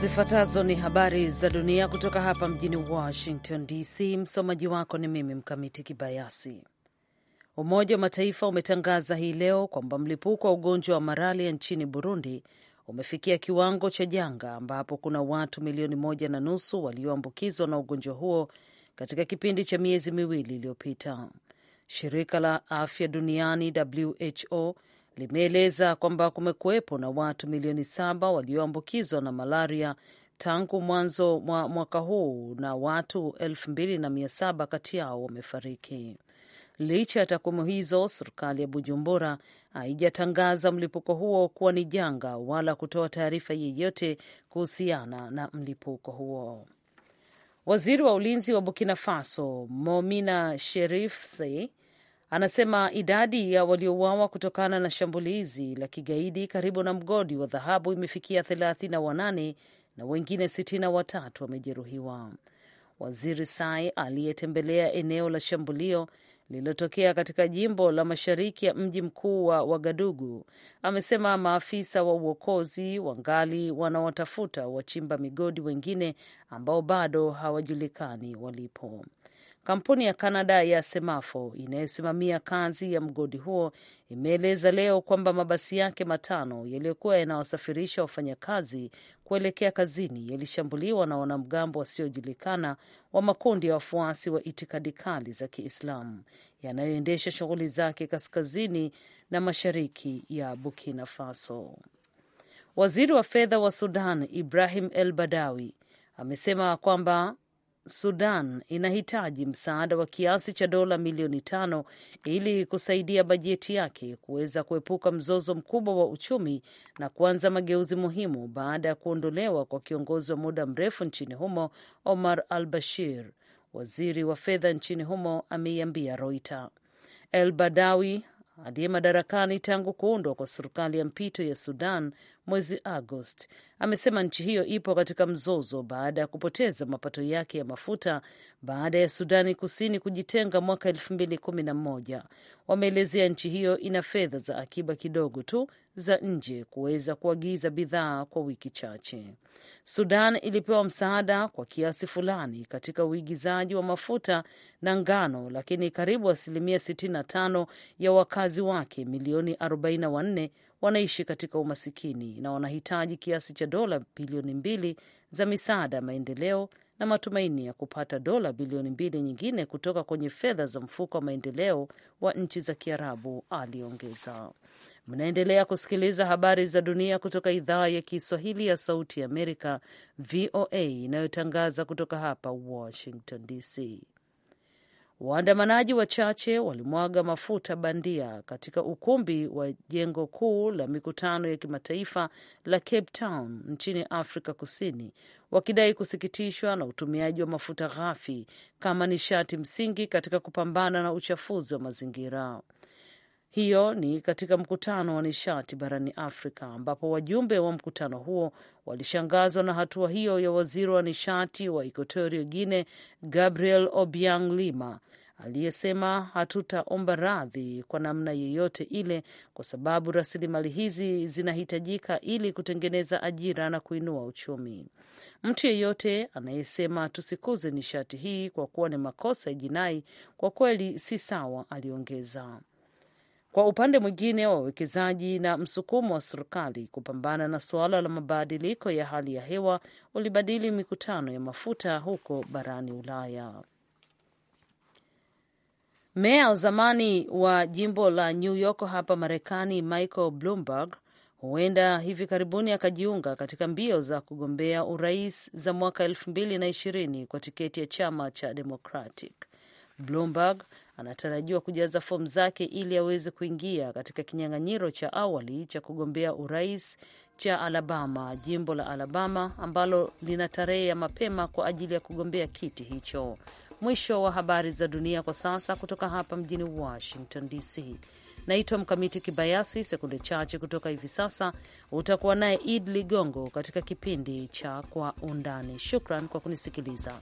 Zifuatazo ni habari za dunia kutoka hapa mjini Washington DC. Msomaji wako ni mimi Mkamiti Kibayasi. Umoja wa Mataifa umetangaza hii leo kwamba mlipuko wa ugonjwa wa malaria nchini Burundi umefikia kiwango cha janga, ambapo kuna watu milioni moja na nusu walioambukizwa na ugonjwa huo katika kipindi cha miezi miwili iliyopita. Shirika la afya duniani WHO limeeleza kwamba kumekuwepo na watu milioni saba walioambukizwa na malaria tangu mwanzo mwa mwaka huu na watu elfu mbili na mia saba kati yao wamefariki. Licha ya takwimu hizo, serikali ya Bujumbura haijatangaza mlipuko huo kuwa ni janga wala kutoa taarifa yeyote kuhusiana na mlipuko huo. Waziri wa ulinzi wa Burkina Faso Momina Sherif Sei anasema idadi ya waliouawa kutokana na shambulizi la kigaidi karibu na mgodi wa dhahabu imefikia thelathini na wanane na wengine sitini na watatu wamejeruhiwa. Waziri Sai aliyetembelea eneo la shambulio lililotokea katika jimbo la mashariki ya mji mkuu wa Wagadugu amesema maafisa wa uokozi wangali wanaotafuta wachimba migodi wengine ambao bado hawajulikani walipo. Kampuni ya Kanada ya Semafo inayosimamia kazi ya mgodi huo imeeleza leo kwamba mabasi yake matano yaliyokuwa yanawasafirisha wafanyakazi kuelekea kazini yalishambuliwa na wanamgambo wasiojulikana wa makundi ya wafuasi wa itikadi kali za Kiislamu yanayoendesha shughuli zake kaskazini na mashariki ya Burkina Faso. Waziri wa fedha wa Sudan Ibrahim El Badawi amesema kwamba Sudan inahitaji msaada wa kiasi cha dola milioni tano ili kusaidia bajeti yake kuweza kuepuka mzozo mkubwa wa uchumi na kuanza mageuzi muhimu baada ya kuondolewa kwa kiongozi wa muda mrefu nchini humo Omar al Bashir, waziri wa fedha nchini humo ameiambia Reuters. El Badawi aliye madarakani tangu kuundwa kwa serikali ya mpito ya Sudan mwezi Agosti amesema nchi hiyo ipo katika mzozo baada ya kupoteza mapato yake ya mafuta baada ya Sudani Kusini kujitenga mwaka elfu mbili kumi na moja. Wameelezea nchi hiyo ina fedha za akiba kidogo tu za nje kuweza kuagiza bidhaa kwa wiki chache. Sudan ilipewa msaada kwa kiasi fulani katika uigizaji wa mafuta na ngano, lakini karibu asilimia 65 ya wakazi wake milioni 44 wanaishi katika umasikini na wanahitaji kiasi cha dola bilioni mbili za misaada ya maendeleo na matumaini ya kupata dola bilioni mbili nyingine kutoka kwenye fedha za mfuko wa maendeleo wa nchi za Kiarabu, aliongeza. Mnaendelea kusikiliza habari za dunia kutoka idhaa ya Kiswahili ya Sauti Amerika, VOA, inayotangaza kutoka hapa Washington DC. Waandamanaji wachache walimwaga mafuta bandia katika ukumbi wa jengo kuu la mikutano ya kimataifa la Cape Town nchini Afrika Kusini, wakidai kusikitishwa na utumiaji wa mafuta ghafi kama nishati msingi katika kupambana na uchafuzi wa mazingira. Hiyo ni katika mkutano wa nishati barani Afrika, ambapo wajumbe wa mkutano huo walishangazwa na hatua hiyo ya waziri wa nishati wa Ekuatorio Guine, Gabriel Obiang Lima aliyesema hatutaomba radhi kwa namna yeyote ile, kwa sababu rasilimali hizi zinahitajika ili kutengeneza ajira na kuinua uchumi. Mtu yeyote anayesema tusikuze nishati hii kwa kuwa ni makosa ya jinai, kwa kweli si sawa, aliongeza. Kwa upande mwingine, wawekezaji na msukumo wa serikali kupambana na suala la mabadiliko ya hali ya hewa ulibadili mikutano ya mafuta huko barani Ulaya. Meya wa zamani wa jimbo la New York hapa Marekani, Michael Bloomberg huenda hivi karibuni akajiunga katika mbio za kugombea urais za mwaka elfu mbili na ishirini kwa tiketi ya chama cha Democratic. Bloomberg anatarajiwa kujaza fomu zake ili aweze kuingia katika kinyang'anyiro cha awali cha kugombea urais cha Alabama, jimbo la Alabama ambalo lina tarehe ya mapema kwa ajili ya kugombea kiti hicho. Mwisho wa habari za dunia kwa sasa kutoka hapa mjini Washington DC. Naitwa Mkamiti Kibayasi. Sekunde chache kutoka hivi sasa utakuwa naye Id Ligongo katika kipindi cha Kwa Undani. Shukran kwa kunisikiliza.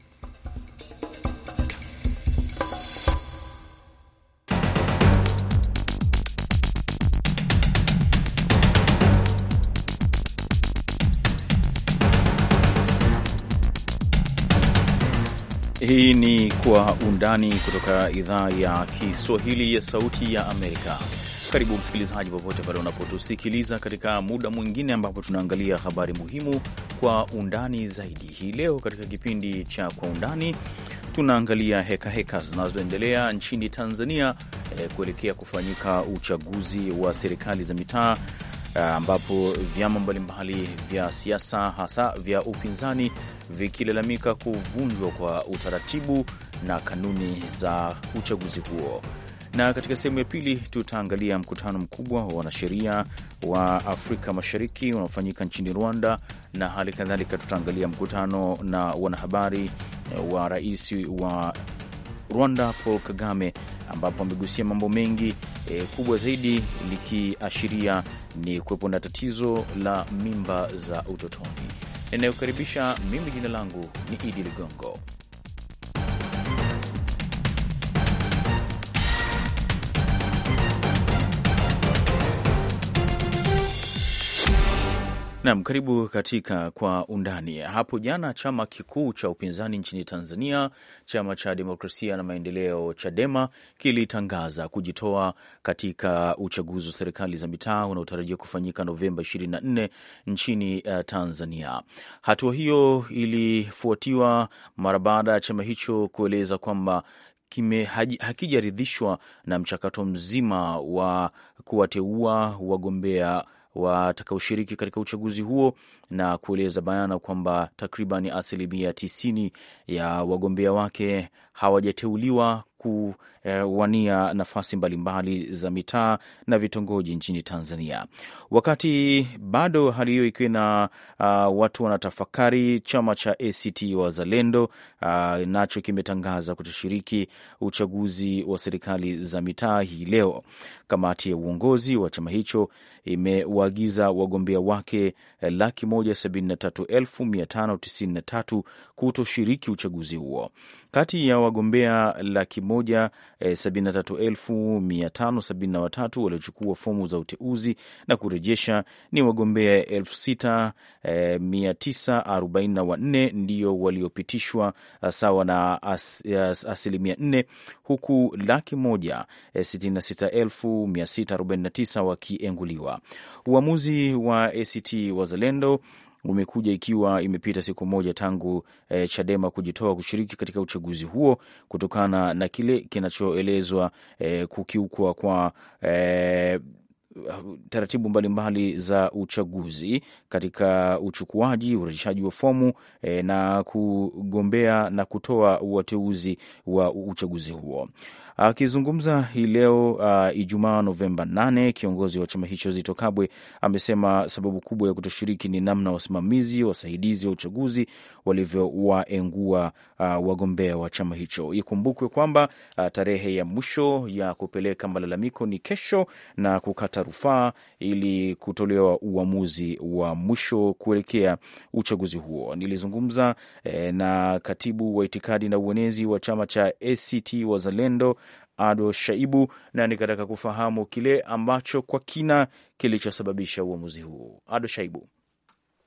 Hii ni Kwa Undani kutoka idhaa ya Kiswahili ya Sauti ya Amerika. Karibu msikilizaji, popote pale unapotusikiliza katika muda mwingine ambapo tunaangalia habari muhimu kwa undani zaidi. Hii leo katika kipindi cha Kwa Undani tunaangalia hekaheka zinazoendelea nchini Tanzania eh, kuelekea kufanyika uchaguzi wa serikali za mitaa Eh, ambapo vyama mbalimbali vya siasa hasa vya upinzani vikilalamika kuvunjwa kwa utaratibu na kanuni za uchaguzi huo. Na katika sehemu ya pili tutaangalia mkutano mkubwa wa wanasheria wa Afrika Mashariki unaofanyika nchini Rwanda, na hali kadhalika tutaangalia mkutano na wanahabari wa rais wa Rwanda Paul Kagame, ambapo amegusia mambo mengi e, kubwa zaidi likiashiria ni kuwepo na tatizo la mimba za utotoni. Ninayokaribisha mimi, jina langu ni Idi Ligongo. Naam, karibu katika Kwa Undani. Hapo jana chama kikuu cha upinzani nchini Tanzania, chama cha demokrasia na maendeleo, CHADEMA, kilitangaza kujitoa katika uchaguzi wa serikali za mitaa unaotarajiwa kufanyika Novemba 24 nchini eh, Tanzania. Hatua hiyo ilifuatiwa mara baada ya chama hicho kueleza kwamba kime hakijaridhishwa na mchakato mzima wa kuwateua wagombea watakaoshiriki katika uchaguzi huo na kueleza bayana kwamba takriban asilimia tisini ya wagombea wake hawajateuliwa ku Eh, wania nafasi mbalimbali za mitaa na vitongoji nchini Tanzania. Wakati bado hali hiyo ikiwa na uh, ah, watu wanatafakari, chama cha ACT Wazalendo uh, nacho kimetangaza kutoshiriki uchaguzi wa serikali za mitaa hii leo. Kamati ya uongozi wa chama hicho imewaagiza wagombea wake eh, laki moja sabini na tatu elfu mia tano tisini na tatu kutoshiriki uchaguzi huo. Kati ya wagombea laki moja 73,573 eh, waliochukua fomu za uteuzi na kurejesha ni wagombea 6,944 eh, ndio waliopitishwa eh, sawa na as, as, asilimia 4 huku laki moja 66,649 wakienguliwa. Uamuzi wa ACT Wazalendo umekuja ikiwa imepita siku moja tangu e, Chadema kujitoa kushiriki katika uchaguzi huo kutokana na kile kinachoelezwa e, kukiukwa kwa e, taratibu mbalimbali mbali za uchaguzi katika uchukuaji, urejeshaji wa fomu e, na kugombea na kutoa wateuzi wa uchaguzi huo. Akizungumza hii leo uh, Ijumaa Novemba 8, kiongozi wa chama hicho Zito Kabwe amesema sababu kubwa ya kutoshiriki ni namna wasimamizi wasaidizi wa uchaguzi walivyowaengua uh, wagombea wa chama hicho. Ikumbukwe kwamba uh, tarehe ya mwisho ya kupeleka malalamiko ni kesho na kukata rufaa ili kutolewa uamuzi wa mwisho kuelekea uchaguzi huo. Nilizungumza eh, na katibu wa itikadi na uenezi wa chama cha ACT Wazalendo Ado Shaibu, na nikataka kufahamu kile ambacho kwa kina kilichosababisha uamuzi huu. Ado Shaibu: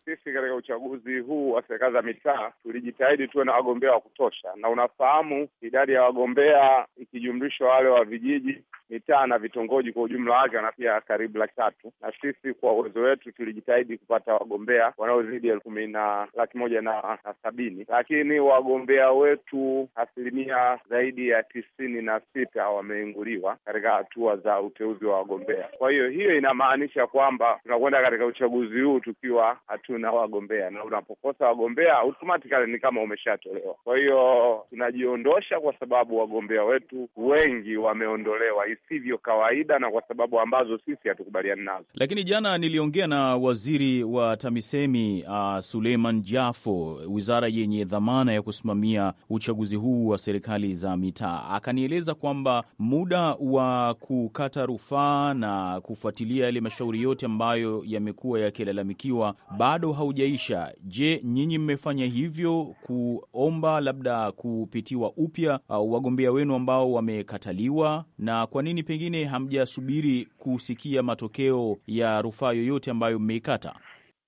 sisi katika uchaguzi huu wa serikali za mitaa tulijitahidi tuwe na wagombea wa kutosha, na unafahamu idadi ya wagombea ikijumlishwa wale wa vijiji mitaa na vitongoji kwa ujumla wake wanafika karibu laki tatu, na sisi kwa uwezo wetu tulijitahidi kupata wagombea wanaozidi elfu kumi na laki moja na sabini, lakini wagombea wetu asilimia zaidi ya tisini na sita wameinguliwa katika hatua za uteuzi wa wagombea. Kwa hiyo hiyo inamaanisha kwamba tunakwenda katika uchaguzi huu tukiwa hatuna wagombea, na unapokosa wagombea automatically ni kama umeshatolewa. Kwa hiyo tunajiondosha kwa sababu wagombea wetu wengi wameondolewa visivyo kawaida na kwa sababu ambazo sisi hatukubaliani nazo. Lakini jana niliongea na waziri wa TAMISEMI uh, Suleiman Jafo, wizara yenye dhamana ya kusimamia uchaguzi huu wa serikali za mitaa, akanieleza kwamba muda wa kukata rufaa na kufuatilia yale mashauri yote ambayo yamekuwa yakilalamikiwa bado haujaisha. Je, nyinyi mmefanya hivyo kuomba labda kupitiwa upya uh, wagombea wenu ambao wamekataliwa na kwa nini pengine hamjasubiri kusikia matokeo ya rufaa yoyote ambayo mmeikata?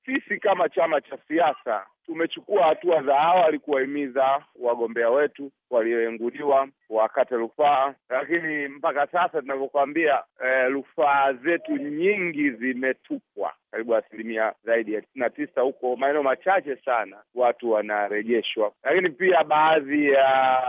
Sisi kama chama cha siasa Tumechukua hatua za awali kuwahimiza wagombea wetu walioenguliwa wakate rufaa, lakini mpaka sasa tunavyokwambia, e, eh, rufaa zetu nyingi zimetupwa, karibu asilimia zaidi ya tisini na tisa. Huko maeneo machache sana watu wanarejeshwa, lakini pia baadhi ya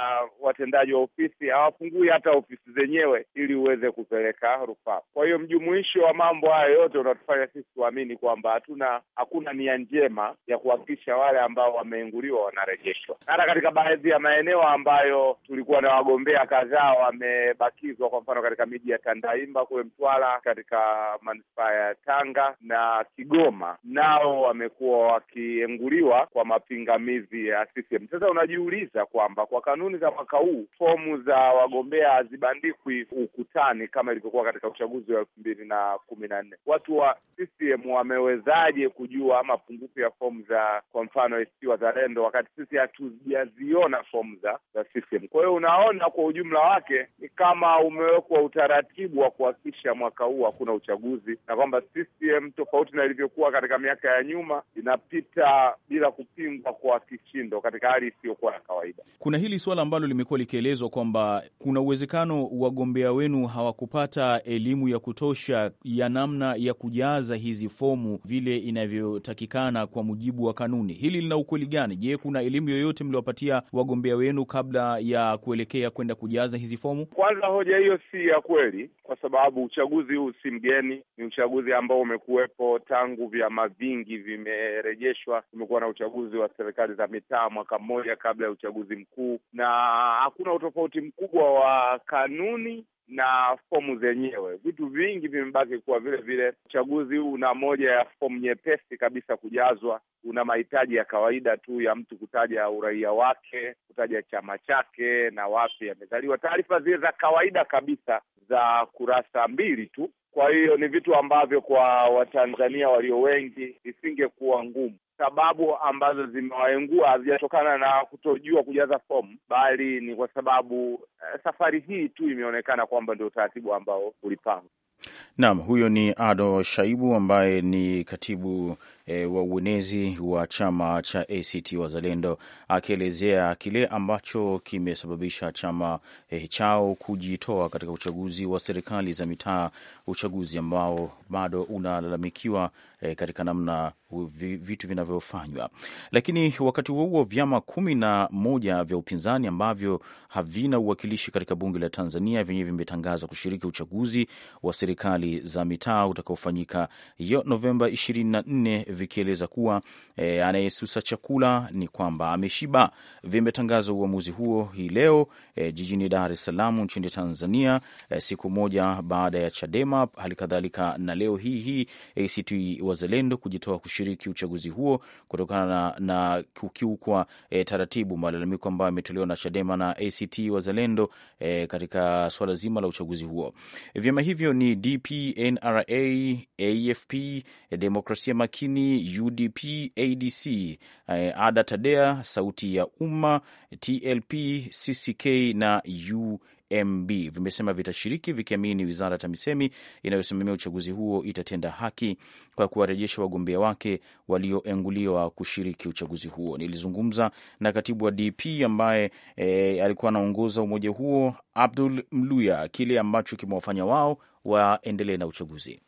watendaji wa ofisi hawafungui hata ofisi zenyewe ili uweze kupeleka rufaa. Kwa hiyo mjumuisho wa mambo hayo yote unatufanya sisi tuamini kwamba hatuna, hakuna nia njema ya kuhakikisha wale ambao wameinguliwa wanarejeshwa. Hata katika baadhi ya maeneo ambayo tulikuwa na wagombea kadhaa wamebakizwa, kwa mfano katika miji ya Tandaimba kule Mtwara, katika manispaa ya Tanga na Kigoma, nao wamekuwa wakienguliwa kwa mapingamizi ya CCM. Sasa unajiuliza kwamba kwa kanuni za mwaka huu fomu za wagombea hazibandikwi ukutani kama ilivyokuwa katika uchaguzi wa elfu mbili na kumi na nne. Watu wa CCM wamewezaje kujua mapungufu ya fomu za kwa mfano mfano ACT Wazalendo, wakati sisi hatujaziona fomu za za CCM. Kwa hiyo unaona kwa ujumla wake ni kama umewekwa utaratibu wa kuhakikisha mwaka huu hakuna uchaguzi na kwamba CCM tofauti na ilivyokuwa katika miaka ya nyuma inapita bila kupingwa kwa kishindo katika hali isiyokuwa ya kawaida. Kuna hili suala ambalo limekuwa likielezwa kwamba kuna uwezekano wagombea wenu hawakupata elimu ya kutosha ya namna ya kujaza hizi fomu vile inavyotakikana kwa mujibu wa kanuni. Hili lina ukweli gani? Je, kuna elimu yoyote mliowapatia wagombea wenu kabla ya kuelekea kwenda kujaza hizi fomu? Kwanza, hoja hiyo si ya kweli, kwa sababu uchaguzi huu si mgeni. Ni uchaguzi ambao umekuwepo tangu vyama vingi vimerejeshwa. Kumekuwa na uchaguzi wa serikali za mitaa mwaka mmoja kabla ya uchaguzi mkuu, na hakuna utofauti mkubwa wa kanuni na fomu zenyewe. Vitu vingi vimebaki kuwa vile vile. Uchaguzi huu una moja ya fomu nyepesi kabisa kujazwa, una mahitaji ya kawaida tu ya mtu kutaja uraia wake, kutaja chama chake na wapi amezaliwa, taarifa zile za kawaida kabisa za kurasa mbili tu. Kwa hiyo ni vitu ambavyo kwa Watanzania walio wengi visingekuwa ngumu sababu ambazo zimewaengua hazijatokana na kutojua kujaza fomu, bali ni kwa sababu eh, safari hii tu imeonekana kwamba ndio utaratibu ambao ulipangwa. Naam, huyo ni Ado Shaibu ambaye ni katibu e, wa uenezi wa chama cha ACT Wazalendo akielezea kile ambacho kimesababisha chama e, chao kujitoa katika uchaguzi wa serikali za mitaa, uchaguzi ambao bado unalalamikiwa e, katika namna vitu vinavyofanywa. Lakini wakati huo huo, vyama kumi na moja vya upinzani ambavyo havina uwakilishi katika bunge la Tanzania vyenyewe vimetangaza kushiriki uchaguzi wa serikali serikali za mitaa utakaofanyika hiyo Novemba 24, vikieleza kuwa e, anayesusa chakula ni kwamba ameshiba. vimetangaza uamuzi huo hii leo e, jijini Dar es Salaam nchini Tanzania e, siku moja baada ya Chadema halikadhalika na leo hii hii ACT Wazalendo kujitoa kushiriki uchaguzi huo kutokana na, na kukiukwa e, taratibu, malalamiko ambayo ametolewa na Chadema na ACT Wazalendo e, katika swala zima la uchaguzi huo. Vyama hivyo ni DP NDP, NRA, AFP, e Demokrasia Makini, UDP, ADC, eh, Ada Tadea, Sauti ya Umma, TLP, CCK na u MB vimesema vitashiriki vikiamini wizara ya TAMISEMI inayosimamia uchaguzi huo itatenda haki kwa kuwarejesha wagombea wake walioenguliwa kushiriki uchaguzi huo. Nilizungumza na katibu wa DP ambaye e, alikuwa anaongoza umoja huo Abdul Mluya, kile ambacho kimewafanya wao waendelee na uchaguzi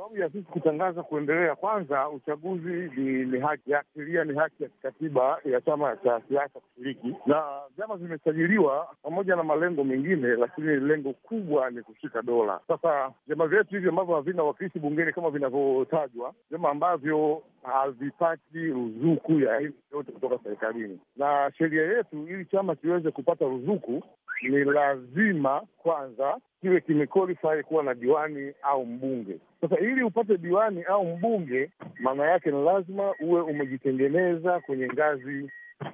Sababu ya sisi kutangaza kuendelea, kwanza uchaguzi ni, ni haki ya sheria, ni haki ya kikatiba ya chama cha siasa kushiriki, na vyama vimesajiliwa pamoja na malengo mengine, lakini lengo kubwa ni kushika dola. Sasa vyama vyetu hivyo ambavyo havina wakilishi bungeni kama vinavyotajwa, vyama ambavyo havipati ruzuku ya aina yote kutoka serikalini, na sheria yetu, ili chama kiweze kupata ruzuku ni lazima kwanza kiwe kimequalify kuwa na diwani au mbunge. Sasa ili upate diwani au mbunge, maana yake ni lazima uwe umejitengeneza kwenye ngazi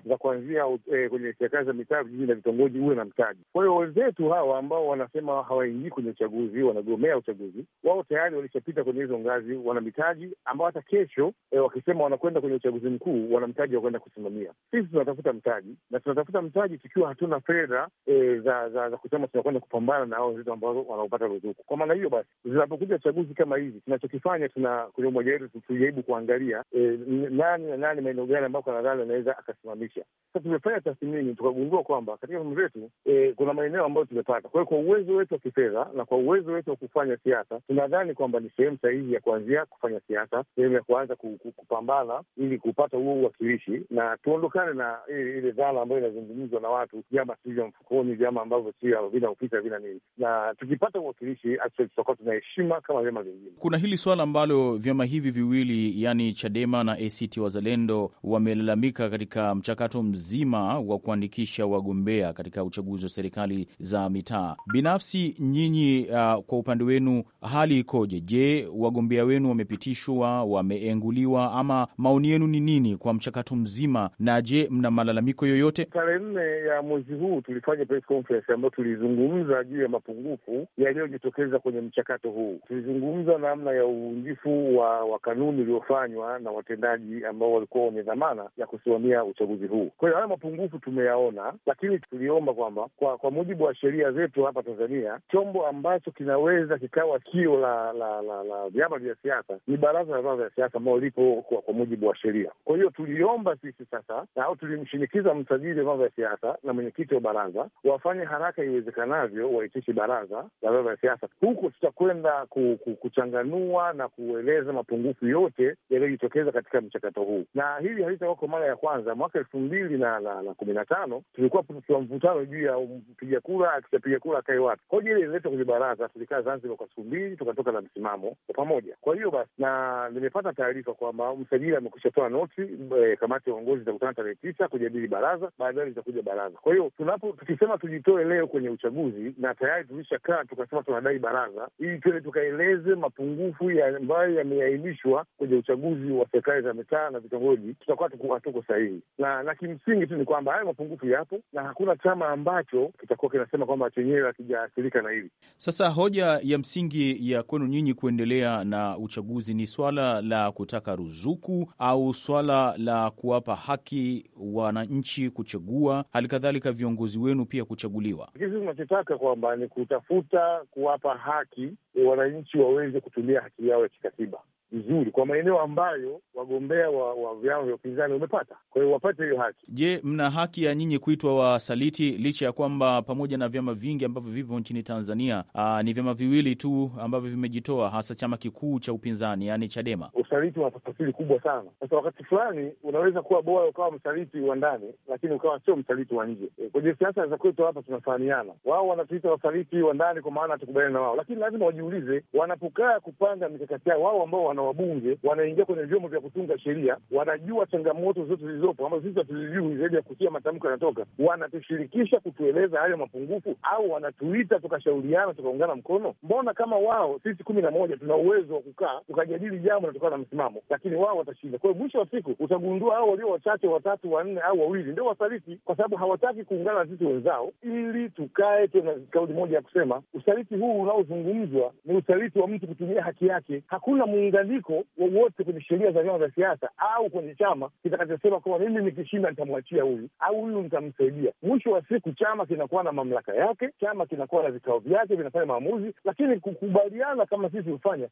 za kuanzia eh, kwenye serikali za mitaa, vijiji na vitongoji, uwe na mtaji. Kwa hiyo wenzetu hawa ambao wanasema hawaingii kwenye uchaguzi, wanagomea uchaguzi, wao tayari walishapita kwenye hizo ngazi, wana mitaji ambao hata kesho eh, wakisema wanakwenda kwenye uchaguzi mkuu, wana mtaji wa kwenda kusimamia. Sisi tunatafuta mtaji na tunatafuta mtaji tukiwa hatuna fedha eh, za, za, za kusema tunakwenda kupambana na hao wenzetu ambao wanaopata ruzuku. Kwa maana hiyo basi, zinapokuja chaguzi kama hizi, tunachokifanya tuna kwenye umoja wetu tujaribu kuangalia eh, nani na nani, maeneo gani ambako nadhani anaweza akasimamia kusimamisha. Sasa tumefanya tathmini tukagundua kwamba katika vyama vyetu e, kuna maeneo ambayo tumepata. Kwa hiyo kwa uwezo wetu wa kifedha na kwa uwezo wetu wa kufanya siasa, tunadhani kwamba ni sehemu sahihi ya kuanzia kufanya siasa, sehemu ya kuanza kupambana ili kupata huo uwakilishi na tuondokane na ile dhana ambayo inazungumzwa na watu, vyama si vya mfukoni, vyama ambavyo sio vina ofisi vina nini. Na tukipata uwakilishi tutakuwa tuna heshima kama vyama vingine. Kuna hili swala ambalo vyama hivi viwili, yani Chadema na ACT Wazalendo, wamelalamika katika mchakato mzima wa kuandikisha wagombea katika uchaguzi wa serikali za mitaa. Binafsi nyinyi, uh, kwa upande wenu hali ikoje? Je, wagombea wenu wamepitishwa, wameenguliwa, ama maoni yenu ni nini kwa mchakato mzima? Na je, mna malalamiko yoyote? Tarehe nne ya mwezi huu tulifanya press conference ambayo tulizungumza juu ya mapungufu yaliyojitokeza kwenye mchakato huu. Tulizungumza namna ya uvunjifu wa, wa kanuni uliofanywa na watendaji ambao walikuwa wenye dhamana ya kusimamia uchaguzi huu. Kwa hiyo haya mapungufu tumeyaona, lakini tuliomba kwamba kwa kwa mujibu wa sheria zetu hapa Tanzania, chombo ambacho kinaweza kikawa kio la la la la vyama vya siasa ni baraza la vyama vya siasa ambayo lipo kwa, kwa mujibu wa sheria. Kwa hiyo tuliomba sisi sasa au tulimshinikiza msajili wa vyama vya siasa na mwenyekiti wa baraza wafanye haraka iwezekanavyo, waitishe baraza la vyama vya siasa. Huko tutakwenda ku, ku, kuchanganua na kueleza mapungufu yote yaliyojitokeza katika mchakato huu, na hili halitakuwa kwa mara ya kwanza mwaka mwaka elfu mbili na na, na kumi na tano tulikuwa tuna mvutano juu ya um, mpiga kura akishapiga kura akae wapi. Hoja ile ililetwa kwenye baraza, tulikaa Zanzibar kwa siku mbili, tukatoka na msimamo kwa pamoja. Kwa hiyo basi, na nimepata taarifa kwamba msajili amekwisha toa noti e, kamati ya uongozi itakutana tarehe tisa kujadili baraza, baadaye litakuja baraza. Kwa hiyo tunapo tukisema tujitoe leo kwenye uchaguzi, na tayari tulishakaa tukasema tunadai baraza ili tuende tukaeleze mapungufu ambayo ya, yameainishwa kwenye uchaguzi wa serikali za mitaa na vitongoji, tutakuwa hatuko sahihi na na kimsingi tu ni kwamba hayo mapungufu yapo na hakuna chama ambacho kitakuwa kinasema kwamba chenyewe hakijaathirika na hili. Sasa hoja ya msingi ya kwenu nyinyi kuendelea na uchaguzi ni swala la kutaka ruzuku au swala la kuwapa haki wananchi kuchagua, hali kadhalika viongozi wenu pia kuchaguliwa. Sisi tunachotaka kwamba ni kutafuta kuwapa haki wananchi waweze kutumia haki yao ya kikatiba vizuri kwa maeneo ambayo wagombea wa, wa vyama vya upinzani wamepata. Kwa hiyo wapate hiyo haki. Je, mna haki ya nyinyi kuitwa wasaliti licha ya kwamba pamoja na vyama vingi ambavyo vipo nchini Tanzania aa, ni vyama viwili tu ambavyo vimejitoa, hasa chama kikuu cha upinzani yaani Chadema. Usaliti una tafasiri kubwa sana. Sasa wakati fulani unaweza kuwa bora ukawa msaliti wa ndani, lakini ukawa sio msaliti wa nje. E, kwenye siasa za kwetu hapa tunafahamiana. Wao wanatuita wasaliti wa ndani kwa maana hatukubaliana na wao, lakini lazima wajiulize wanapokaa kupanga mikakati yao wao ambao wana wabunge wanaingia kwenye vyombo vya kutunga sheria, wanajua changamoto zote zilizopo ambazo sisi hatuzijui zaidi ya kusikia matamko yanatoka, wanatushirikisha kutueleza hayo mapungufu, au wanatuita tukashauriana, tukaungana mkono. Mbona kama wao sisi kumi na moja tuna uwezo wa kukaa tukajadili jambo na tukawa na msimamo, lakini wao watashinda. Kwa hiyo mwisho wa siku utagundua hao walio wachache, watatu, wanne au wawili, ndio wasaliti, kwa sababu hawataki kuungana na sisi wenzao ili tukae tena kauli moja ya kusema usaliti huu unaozungumzwa ni usaliti wa mtu kutumia haki yake. Hakuna muungano mkanganyiko wowote kwenye sheria za vyama vya siasa au kwenye chama kitakachosema kwamba mimi nikishinda nitamwachia huyu au huyu nitamsaidia. Mwisho wa siku chama kinakuwa na mamlaka yake, chama kinakuwa na vikao vyake vinafanya maamuzi, lakini kukubaliana kama sisi hufanya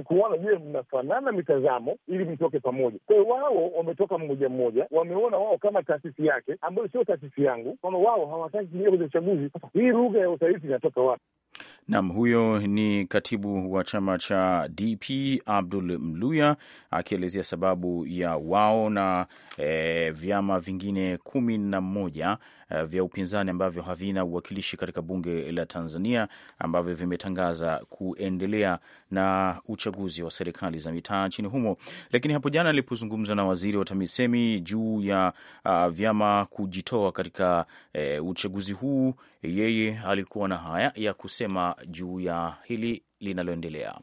ni kuona, je, mnafanana mitazamo ili mtoke pamoja. Kwa hiyo wao wametoka mmoja mmoja, wameona wao kama taasisi yake ambayo sio taasisi yangu, kwamba wao hawataki kuingia kwenye uchaguzi. Hii lugha ya usaliti inatoka wapi? Nam, huyo ni katibu wa chama cha DP Abdul Mluya akielezea sababu ya wao na e, vyama vingine kumi na mmoja Eh, vya upinzani ambavyo havina uwakilishi katika bunge la Tanzania ambavyo vimetangaza kuendelea na uchaguzi wa serikali za mitaa nchini humo. Lakini hapo jana alipozungumza na waziri wa TAMISEMI juu ya uh, vyama kujitoa katika uh, uchaguzi huu, yeye alikuwa na haya ya kusema juu ya hili linaloendelea.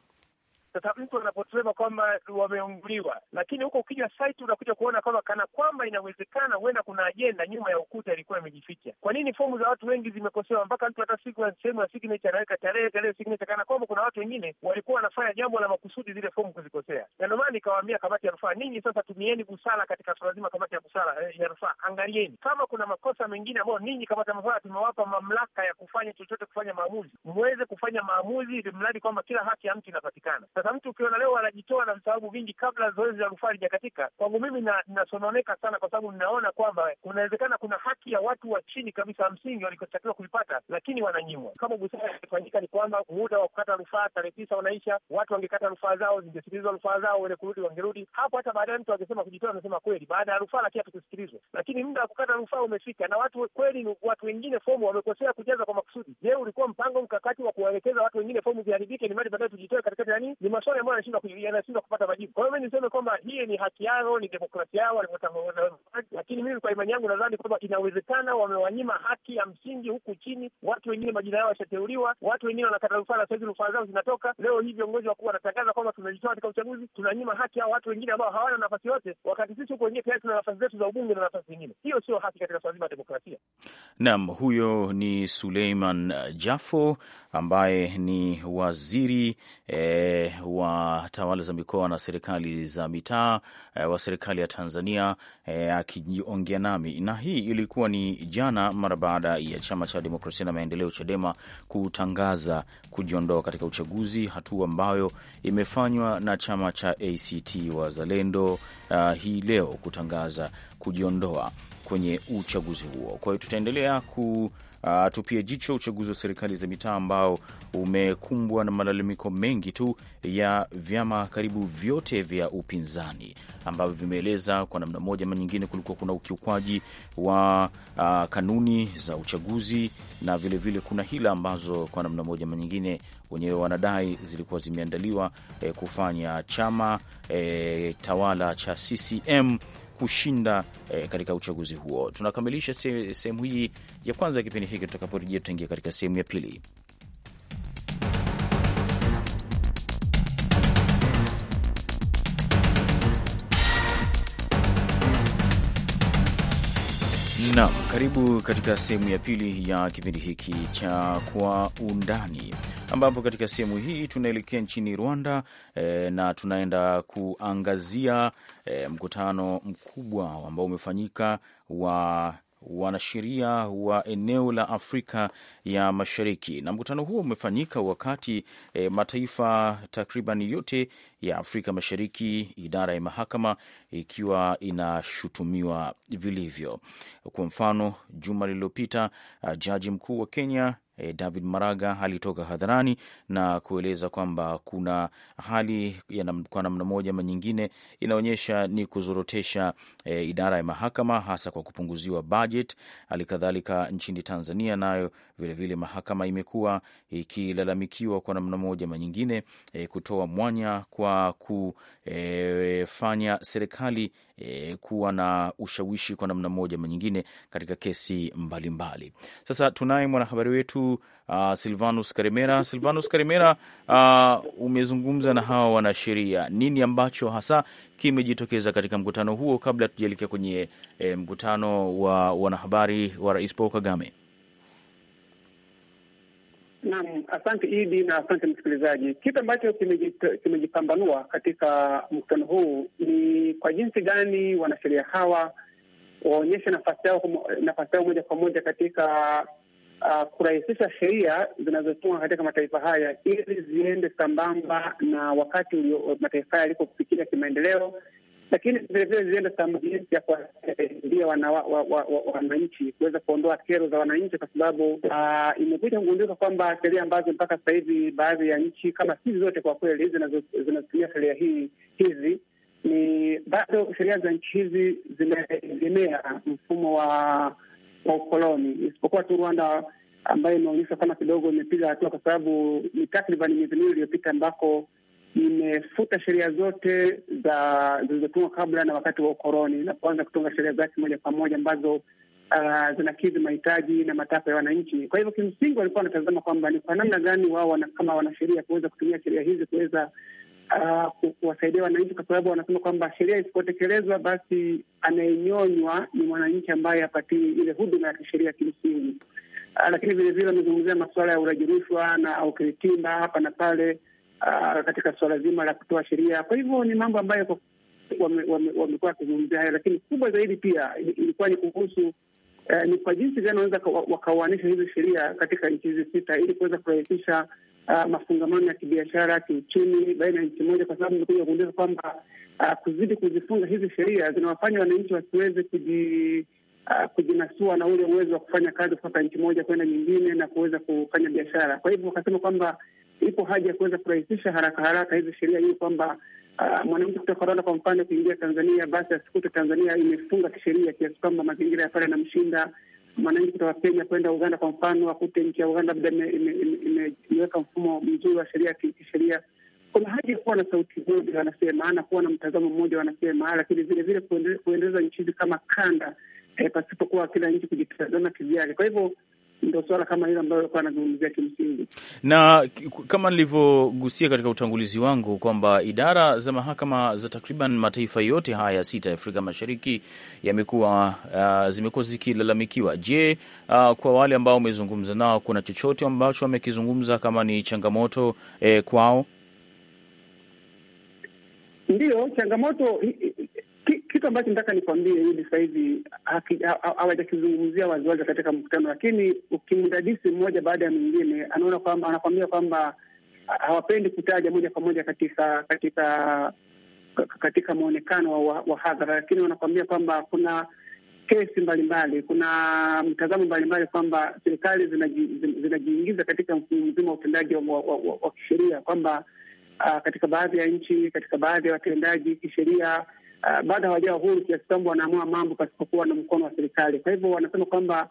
Sasa mtu anaposema kwamba wameunguliwa, lakini huko ukija site unakuja kuona kwamba kana kwamba inawezekana huenda kuna ajenda nyuma ya ukuta ilikuwa imejificha. Kwa nini fomu za watu wengi zimekosewa mpaka mtu hata siku sehemu ya signature anaweka tarehe tarehe signature, kana kwamba kuna watu wengine walikuwa wanafanya jambo la makusudi zile fomu kuzikosea. Na ndio maana nikawaambia kamati ya rufaa, ninyi sasa tumieni busara katika suala zima. Kamati ya busara eh, ya rufaa, angalieni kama kuna makosa mengine ambayo ninyi kamati ya rufaa tumewapa mamlaka ya kufanya chochote, kufanya maamuzi, mweze kufanya maamuzi ili mradi kwamba kila haki ya mtu inapatikana. Sasa sasa mtu ukiona leo anajitoa na visababu vingi kabla zoezi la rufaa lijakatika, kwangu mimi nasononeka na sana, kwa sababu ninaona kwamba kunawezekana kuna haki ya watu wa chini kabisa msingi walikotakiwa kuipata, lakini wananyimwa. Kama busara ingefanyika ni kwamba muda wa kukata rufaa tarehe tisa unaisha, watu wangekata rufaa zao, zingesikilizwa rufaa zao, wenye kurudi wangerudi hapo. Hata baadaye mtu angesema kujitoa, anasema kweli, baada ya rufaa lakini hatukusikilizwa. Lakini muda wa kukata rufaa umefika, na watu kweli, watu wengine fomu wamekosea kujaza kwa makusudi. Je, ulikuwa mpango mkakati wa kuwaelekeza watu wengine fomu ziharibike, ni mali baadaye tujitoe katikati nani maswali ambayo yanashindwa kupata majibu. Kwa hiyo mi niseme kwamba hii ni haki yao, ni demokrasia yao walivyotangaza, lakini mimi kwa imani yangu nadhani kwamba inawezekana wamewanyima haki ya msingi huku chini. Watu wengine majina yao yashateuliwa, watu wengine wanakata rufaa, na sahizi rufaa zao zinatoka leo hii. Viongozi wakuu wanatangaza kwamba tunajitoa katika uchaguzi, tunanyima haki hao watu wengine ambao hawana nafasi yote, wakati sisi huku wengine tayari tuna nafasi zetu za ubunge na nafasi zingine. Hiyo sio haki katika swala zima la demokrasia. Naam, huyo ni Suleiman Jafo ambaye ni waziri eh, wa tawala za mikoa na serikali za mitaa eh, wa serikali ya Tanzania eh, akijiongea nami, na hii ilikuwa ni jana mara baada ya chama cha demokrasia na maendeleo CHADEMA kutangaza kujiondoa katika uchaguzi, hatua ambayo imefanywa na chama cha ACT Wazalendo eh, hii leo kutangaza kujiondoa kwenye uchaguzi huo. Kwa hiyo tutaendelea ku uh, ah, tupia jicho uchaguzi wa serikali za mitaa ambao umekumbwa na malalamiko mengi tu ya vyama karibu vyote vya upinzani ambavyo vimeeleza kwa namna moja ama nyingine kulikuwa kuna ukiukwaji wa uh, kanuni za uchaguzi na vilevile vile kuna hila ambazo kwa namna moja ama nyingine wenyewe wanadai zilikuwa zimeandaliwa eh, kufanya chama eh, tawala cha CCM kushinda eh, katika uchaguzi huo. Tunakamilisha sehemu hii ya kwanza ya kipindi hiki. Tutakaporejea tutaingia katika sehemu ya pili. Naam, karibu katika sehemu ya pili ya kipindi hiki cha Kwa Undani, ambapo katika sehemu hii tunaelekea nchini Rwanda e, na tunaenda kuangazia e, mkutano mkubwa ambao umefanyika wa wanasheria wa eneo la Afrika ya Mashariki, na mkutano huo umefanyika wakati e, mataifa takriban yote ya Afrika Mashariki, idara ya mahakama ikiwa inashutumiwa vilivyo. Kwa mfano, juma lililopita ah, jaji mkuu wa Kenya E, David Maraga alitoka hadharani na kueleza kwamba kuna hali nam, kwa namna moja ama nyingine inaonyesha ni kuzorotesha e, idara ya mahakama hasa kwa kupunguziwa bajeti. Halikadhalika nchini Tanzania nayo Vilevile vile mahakama imekuwa ikilalamikiwa kwa namna moja ma nyingine e, kutoa mwanya kwa kufanya eh, serikali e, kuwa na ushawishi kwa namna moja ma nyingine katika kesi mbalimbali mbali. Sasa tunaye mwanahabari wetu uh, Silvanus Karimera. Silvanus Karimera, uh, ah, umezungumza na hawa wanasheria, nini ambacho hasa kimejitokeza katika mkutano huo kabla tujaelekea kwenye e, mkutano wa wanahabari wa Rais Paul Kagame? Naam, asante Idi na asante msikilizaji. Kitu ambacho kimejipambanua katika mkutano huu ni kwa jinsi gani wanasheria hawa waonyeshe nafasi yao nafasi yao moja kwa moja katika uh, kurahisisha sheria zinazotuma katika mataifa haya ili ziende sambamba na wakati ulio mataifa haya yalikofikia kimaendeleo lakini vilevile zilienda sambamba jinsi ya kuwasaidia wananchi kuweza kuondoa kero za wananchi, kwa sababu ah, imekuja kugundika kwamba sheria ambazo mpaka sasa hivi baadhi ya nchi kama si zote kwa kweli zinazotumia sheria hii hizi ni bado sheria za nchi hizi zimeegemea mfumo wa wa ukoloni, isipokuwa tu Rwanda ambayo imeonyesha kama kidogo imepiga hatua, kwa sababu ni takriban miezi miwili iliyopita ambako imefuta sheria zote za zilizotungwa kabla na wakati wa ukoloni na kuanza kutunga sheria zake moja kwa moja ambazo uh, zinakidhi mahitaji na matakwa ya wananchi. Kwa hivyo kimsingi, walikuwa wanatazama kwamba ni kwa namna gani wao wana, kama wanasheria kuweza kutumia sheria hizi kuweza uh, kuwasaidia wananchi, kwa sababu wanasema kwamba sheria isipotekelezwa, basi anayenyonywa ni mwananchi ambaye hapatii ile huduma ya kisheria kimsingi. Uh, lakini vilevile wamezungumzia masuala ya uraji rushwa na au hapa na pale uh, katika suala zima la kutoa sheria. Kwa hivyo ni mambo ambayo wamekuwa wakizungumzia hayo, lakini kubwa zaidi pia ilikuwa ni kuhusu uh, ni kwa jinsi gani wanaweza wakauanisha hizo sheria katika nchi hizi sita ili kuweza kurahisisha Uh, mafungamano ya kibiashara kiuchumi, baina ya nchi moja, kwa sababu imekuja kuongeza kwamba uh, kuzidi kuzifunga hizi sheria zinawafanya wananchi wasiweze kuji, uh, kujinasua na ule uwezo wa kufanya kazi kutoka nchi moja kwenda nyingine na kuweza kufanya biashara. Kwa hivyo wakasema kwamba ipo haja ya kuweza kurahisisha haraka haraka hizi sheria hii kwamba Uh, mwanamke kutoka Rwanda kwa mfano kuingia Tanzania basi asikute Tanzania imefunga kisheria kiasi kwamba mazingira ya pale yanamshinda. Mwananchi kutoka Kenya kwenda Uganda kwa mfano akute nchi ya Uganda labda imeweka mfumo mzuri wa sheria kisheria. Kuna haja ya kuwa na sauti moja wanasema, ana kuwa na mtazamo mmoja wanasema, lakini vile vile kuendeleza nchi hizi kama kanda eh, pasipokuwa kila nchi kujitazama kivyake. Kwa hivyo ndo swala kama hilo ambayo alikuwa anazungumzia kimsingi, na kama nilivyogusia katika utangulizi wangu kwamba idara za mahakama za takriban mataifa yote haya sita ya Afrika Mashariki yamekuwa uh, zimekuwa zikilalamikiwa. Je, uh, kwa wale ambao wamezungumza nao, kuna chochote ambacho wamekizungumza kama ni changamoto eh, kwao? Ndiyo, changamoto kitu ambacho nataka nikwambie hivi sasa hivi hawajakizungumzia waziwazi katika mkutano, lakini ukimdadisi mmoja baada ya mwingine, anaona kwamba anakwambia kwamba hawapendi kutaja moja kwa moja katika katika katika mwonekano wa, wa, wa hadhara, lakini wanakwambia kwamba kuna kesi mbalimbali, kuna mtazamo mbalimbali kwamba serikali zinajiingiza zinaji katika mfumo mzima wa utendaji wa, wa, wa, wa kisheria kwamba uh, katika baadhi ya nchi, katika baadhi ya watendaji kisheria uh, eh, bado hawajawa huru kiasi kwamba wanaamua mambo pasipokuwa na mkono wa serikali. Kwa hivyo wanasema kwamba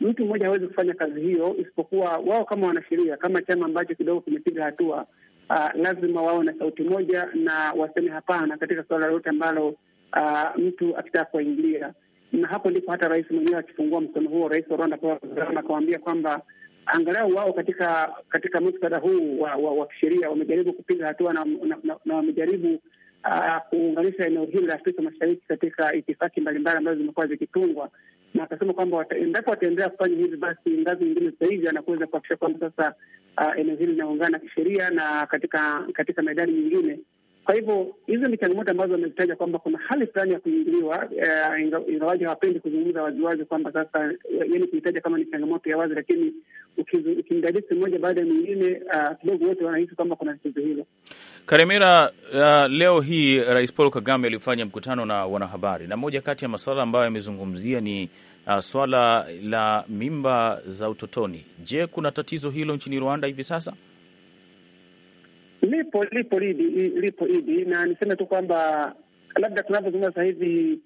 mtu mmoja hawezi kufanya kazi hiyo, isipokuwa wao kama wanasheria, kama chama ambacho kidogo kimepiga hatua uh, lazima wao na sauti moja na waseme hapana katika suala lolote ambalo uh, mtu akitaka kuwaingilia na hapo ndipo hata rais mwenyewe akifungua mkono huo, rais wa Rwanda Paul Kagame kwamba angalau wao katika katika muktadha huu wa, wa, wa kisheria wamejaribu kupiga hatua na, na, na, na wamejaribu uh, kuunganisha eneo hili la Afrika Mashariki katika itifaki mbalimbali ambazo zimekuwa zikitungwa, na akasema kwamba endapo wataendelea kufanya hivi, basi ngazi nyingine zaidi anakuweza kuhakikisha kwamba sasa eneo hili linaungana kisheria na katika katika maidani nyingine kwa hivyo hizi ni changamoto ambazo wamezitaja kwamba kuna hali fulani ya kuingiliwa, eh, ingawaji hawapendi kuzungumza waziwazi kwamba sasa, yaani kuitaja kama ni changamoto ya wazi, lakini ukimdadisi mmoja baada ya mwingine ah, kidogo, wote wanahisi kwamba kuna tatizo hilo. Karemera, uh, leo hii Rais Paul Kagame alifanya mkutano na wanahabari, na moja kati ya masuala ambayo yamezungumzia ni uh, swala la mimba za utotoni. Je, kuna tatizo hilo nchini Rwanda hivi sasa? Lipo lipo idi, lipo idi, na niseme tu kwamba labda tunavyozungumza sasa hivi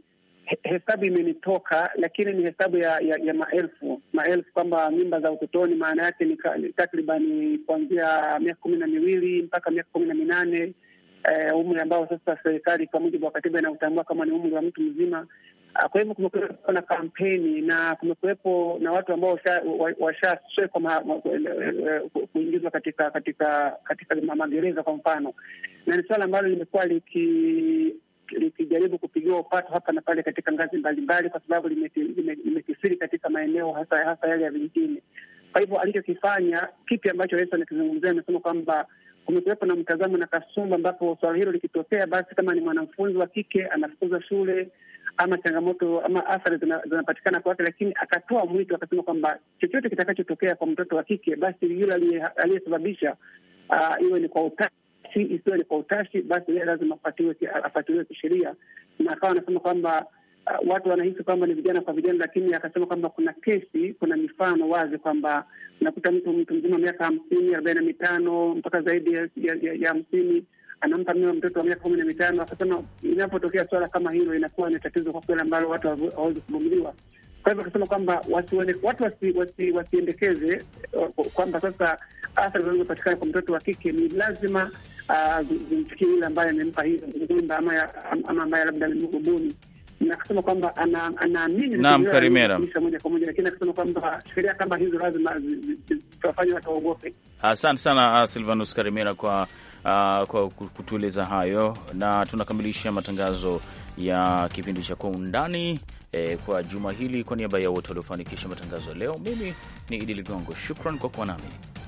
hesabu imenitoka, lakini ni hesabu ya, ya, ya maelfu maelfu, kwamba mimba za utotoni maana yake ni takribani kuanzia miaka kumi na miwili mpaka miaka kumi na minane eh, umri ambao sasa serikali kwa mujibu wa katiba inautambua kama ni umri wa mtu mzima. Ah, kwa hivyo kumekuwepo na kampeni na kumekuwepo na watu ambao washaswekwa eh, eh, kuingizwa katika katika katika magereza kwa mfano, na ni suala ambalo limekuwa liki likijaribu kupigiwa upato hapa na pale katika ngazi mbalimbali, kwa sababu limekisiri katika maeneo hasa hasa yale ya vijijini. Kwa hivyo alichokifanya kipi ambacho rais anakizungumzia, amesema kwamba kumekuwepo na mtazamo na kasumba, ambapo swala hilo likitokea, basi kama ni mwanafunzi wa kike anafukuza shule ama changamoto ama athari zinapatikana kwake, lakini akatoa mwito akasema kwamba chochote kitakachotokea kwa mtoto wa kike, basi yule aliyesababisha ah, iwe ni kwa utashi isiwe ni kwa utashi, basi yeye lazima afatiliwe kisheria, na akawa anasema kwamba uh, watu wanahisi kwamba ni vijana kwa vijana, lakini akasema kwamba kuna kesi, kuna mifano wazi kwamba unakuta mtu mtu mzima miaka hamsini arobaini na mitano mpaka zaidi ya hamsini anampa mia mtoto wa miaka kumi na mitano. Akasema inapotokea swala kama hilo inakuwa ni tatizo kwa kweli ambalo watu hawawezi kuvumiliwa. Kwa hivyo akasema kwamba watu wasi, wasi, wasiendekeze uh, kwamba sasa athari zinazopatikana kwa mtoto wa kike ni lazima uh, zimfikie yule ambaye amempa hizo mimba ama ambaye labda ni na kwamba anaamini ana, Karimera moja kwa moja, lakini akasema kwamba sheria kama hizo lazima tutafanya watu waogope. Asante sana uh, Silvanus Karimera kwa uh, kwa kutueleza hayo, na tunakamilisha matangazo ya kipindi cha Kwa Undani eh, kwa juma hili. Kwa niaba ya wote waliofanikisha matangazo leo, mimi ni Idi Ligongo, shukran kwa kuwa nami.